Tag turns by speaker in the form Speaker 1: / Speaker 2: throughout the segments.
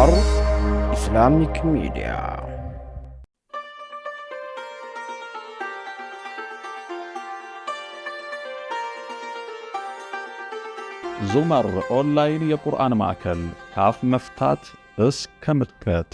Speaker 1: ዑመር ኢስላሚክ ሚዲያ ዙመር ኦንላይን የቁርአን ማዕከል ካፍ መፍታት እስከ ምትከት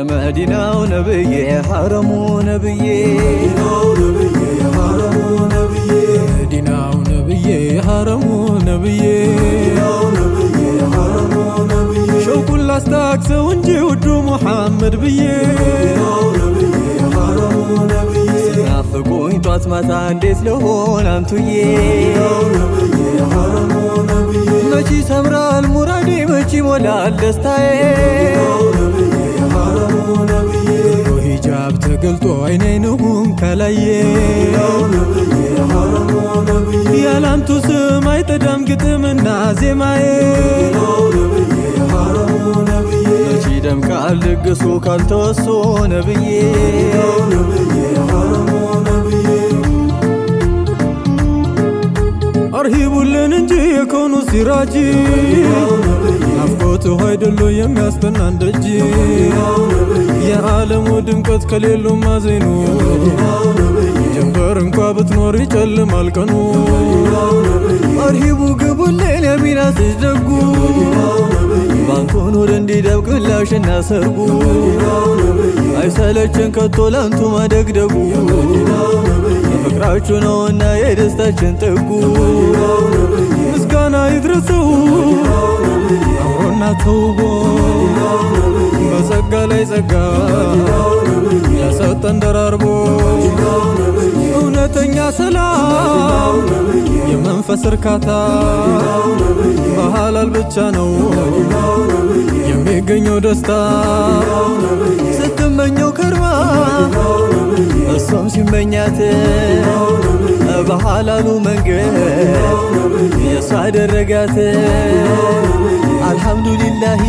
Speaker 1: የመዲናው ነብዬ ሐረሙ ነብዬ መዲናው ነብዬ ሐረሙ ነብዬ ሸውቁን ላስታክሰው እንጂ ውዱ ሙሐመድ ብዬ ናፍቁኝ ጧት ማታ እንዴት ለሆን አንቱዬ መቺ ሰምራል ሙራዴ መቺ ሞላል ደስታዬ ሂጃብ ተገልጦ አይኔ ሁም ከላየ ያላንቱ ስም አይጠዳም ግጥምና ዜማዬ መቼ ደምቃል ልግሱ ካልተወሶ ነብዬ ሂቡልን እንጂ የኮኑ ሲራጂ ናፍቆቱ አይደሎ የሚያስቀናን ደጅ የዓለሙ ድምቀት ከሌሉ ማዜኑ ጀንበር እንኳ ብትኖር ይጨልማል ቀኑ። አርሂቡ ግቡልን የሚናስጅ ደጉ ኑር ሁድ እንዲደብቅ ምላሽና ሰርጉ አይሰለችን ከቶ ላንቱ ማደግደጉ ፍቅራችሁ ነውና የደስታችን ጥጉ ምስጋና ይድረሰው አብሮና ተውቦ በጸጋ ላይ ጸጋ ያሰጠን ደራርቦ እውነተኛ
Speaker 2: ሰላም
Speaker 1: መንፈስ እርካታ በሐላል ብቻ ነው የሚገኘው ደስታ። ስትመኘው ከርማ እሷም ሲመኛት በሐላሉ መንገድ የእሷ አደረጋት። አልሐምዱሊላሂ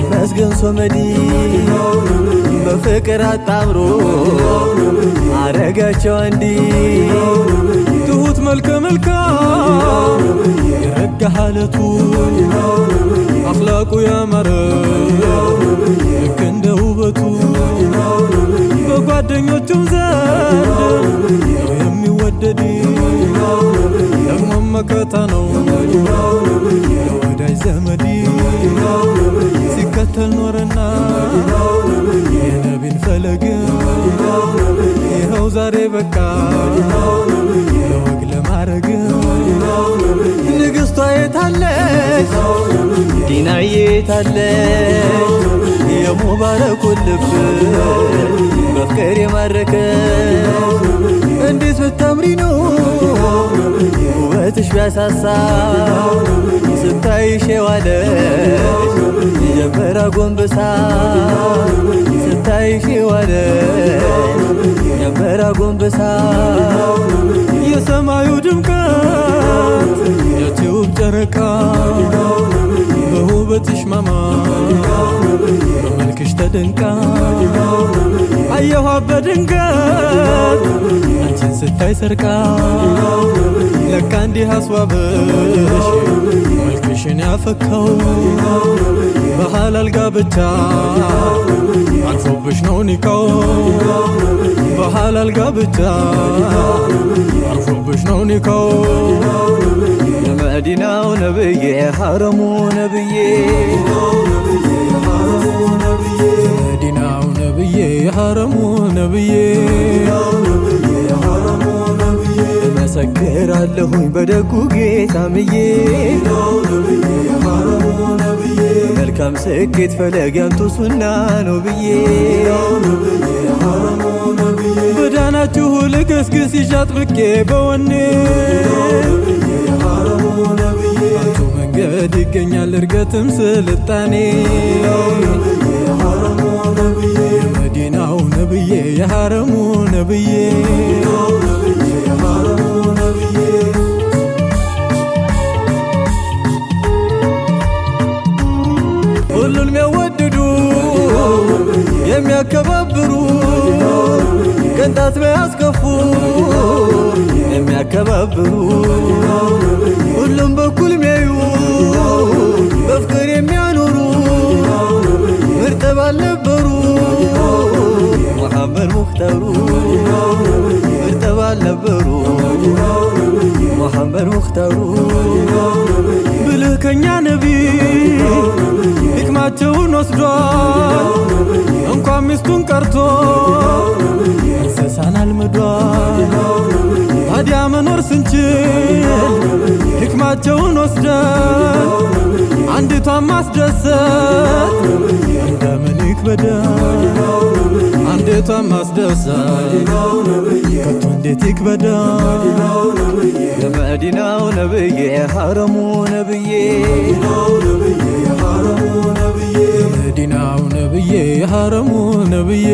Speaker 1: ይመስገን ሶመዲ በፍቅር አጣምሮ አረጋቸው አንዲ መልከ
Speaker 2: መልካም
Speaker 1: የረጋ ሀለቱ አኽላቁ ያማረ ልክ እንደ ውበቱ በጓደኞቹም
Speaker 2: ዘንድ
Speaker 1: የሚወደድ ደግሞ መከታ ነው የወዳጅ ዘመድ ሲከተል ኖረና የነቢን
Speaker 2: ፈለግም
Speaker 1: ነው ዛሬ በቃ
Speaker 2: ለወግ
Speaker 1: ለማድረግ ንግሥቷ የታለች ዲናዬ
Speaker 2: የታለች
Speaker 1: የሙባረኩ ልብ በፍቅር የማረከ እንዴት ብታምሪ ነው ውበትሽ ቢያሳሳ ስታይሽ
Speaker 2: የዋለች
Speaker 1: ጀንበራ ጎንበሳ ስታይሽ የዋለች ጎንብሳ የሰማዩ
Speaker 2: ድምቀት
Speaker 1: የትውብ ጨረቃ በውበትሽ ማማ በመልክሽ ተደንቃ አየኋ በድንገት አንቺን ስታይ ሰርቃ عندي هاسوابش ملكشين يا فكو بحال القاب التاح عرفو بشنو نيكو بحال القاب التاح عرفو بشنو نيكو يا مدينة ونبي حرم ونبي
Speaker 2: حرم ونبي
Speaker 1: مدينة ونبي حرم ونبي መሰክራለሁኝ በደጉ ጌታ ምዬ መልካም ስኬት ፈለግ ያንቱ ሱና ነው ብዬ ጎዳናችሁ ልገስግስ ይዣጥብቄ በወኔ አንቱ መንገድ ይገኛል እርገትም ስልጣኔ የመዲናው ነብዬ የሐረሙ ነብዬ የሚያከባብሩ ቅንጣት ባያስከፉ የሚያከባብሩ ሁሉም በኩል ሚያዩ በፍቅር የሚያኖሩ ምርጥ ባልነበሩ መሐመድ ሙክተሩ ምርጥ ባልነበሩ መሐመድ ሙክተሩ ብልህ ከኛ ነቢይ ወንድማቸውን ወስዷ እንኳን ሚስቱን ቀርቶ እንስሳን አልምዷ። ታዲያ መኖር ስንችል ሕክማቸውን ወስደን አንዲቷን ማስደሰት እንደምን ይክበደን፣ አንዲቷን ማስደሰት ከቶ እንዴት ይክበደን። የመዲናው ነብዬ ሀረሙ ነብዬ መዲናው ነብዬ ሀረሙ ነብዬ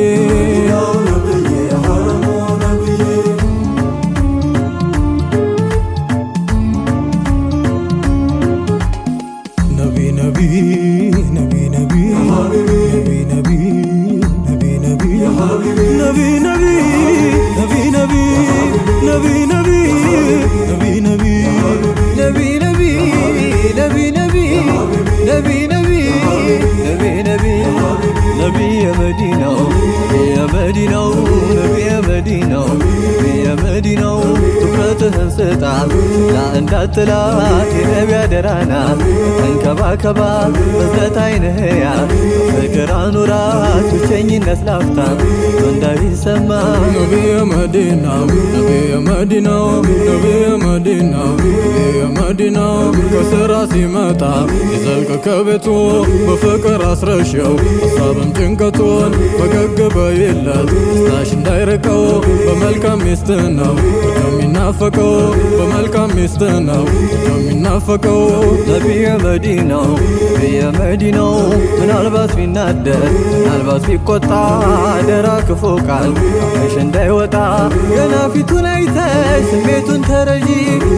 Speaker 1: ጥላት የነቢ አደራና ተንከባከባ በዝነት አይንህያ ፍቅር አኑራት ብቸኝነት ላፍታ ወንዳዊ ሰማ ነቢየ መዲናው ነቢየ መዲናው ነቢየ መዲናው ነቢየ መዲናው ከስራ ሲመጣ ይዘልቅ ከቤቱ በፍቅር አስረሸው ሀሳብም ጭንቀቱን ፈገግ በይለት ስታሽ እንዳይርቀው በመልካም ሚስት ነው የሚናፈቀው በመልካም ሚስት ነው የሚናፈቀው ነቢየ መዲናው ነቢየ መዲናው ምናልባት ቢናደር ምናልባት ቢቆጣ አደራ ክፉ ቃል ካፍሽ እንዳይወጣ ገና ፊቱን አይተሽ ስሜቱን ተረጂ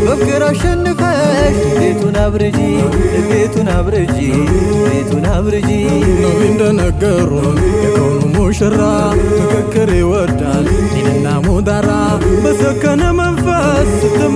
Speaker 1: በፍቅር አሸንፈሽ ቤቱን አብርጂ ቤቱን አብርጂ ቤቱን አብርጂ ነቢ እንደነገሩን የቀውኑ ሙሽራ ምክክር ይወዳል ዲንና ሙዳራ በሰከነ መንፈስ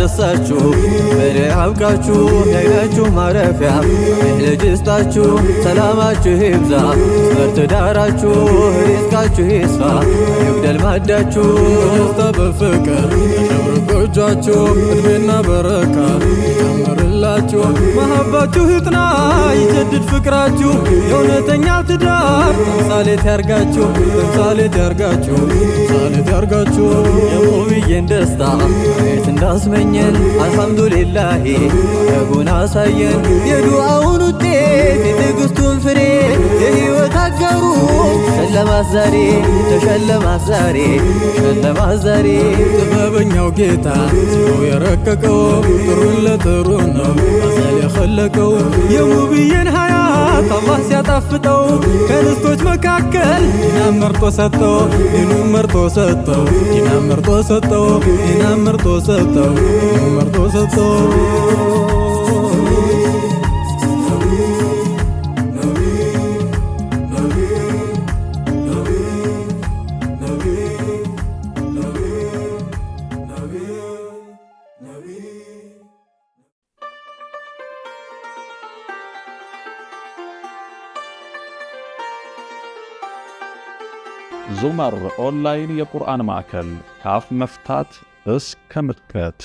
Speaker 1: ላስደሳችሁ ፍሬ ማረፊያ ልጅ ስጣችሁ ሰላማችሁ ይብዛ ትምህርት ዳራችሁ ሪዝቃችሁ ይስፋ ይጉደል ማዳችሁ ደስታ በፍቅር እድሜና በረካ ይጨምርላችሁ መሀባችሁ ይጥና ይጀድድ ፍቅራችሁ የእውነተኛ ትዳር ተምሳሌት ያርጋችሁ ተምሳሌት ያርጋችሁ ተምሳሌት ያርጋችሁ የሞብዬን ደስታ ቤት አገኘን አልሐምዱሊላሂ ረቡን አሳየን የዱዓውን ውጤት የትዕግስቱን ፍሬ የሕይወት ተናገሩ። ሸለማት ዛሬ ተሸለማት ዛሬ ሸለማት ዛሬ ጥበበኛው ጌታ ስለው የረቀቀው ጥሩን ለጥሩ ነው አዘል የኸለቀው የሙብዬን ሀያት አላህ ሲያጣፍጠው ከንስቶች መካከል ዲናን መርጦ ሰጠው ዲኑን መርጦ ሰጠው ዲናን መርጦ ሰጠው ዲናን መርጦ ሰጠው ዲኑን መርጦ ሰጠው ዙመር ኦንላይን የቁርአን ማዕከል ከአፍ መፍታት እስከ ምጥቀት።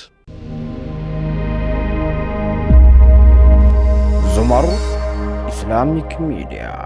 Speaker 1: ዙመር ኢስላሚክ ሚዲያ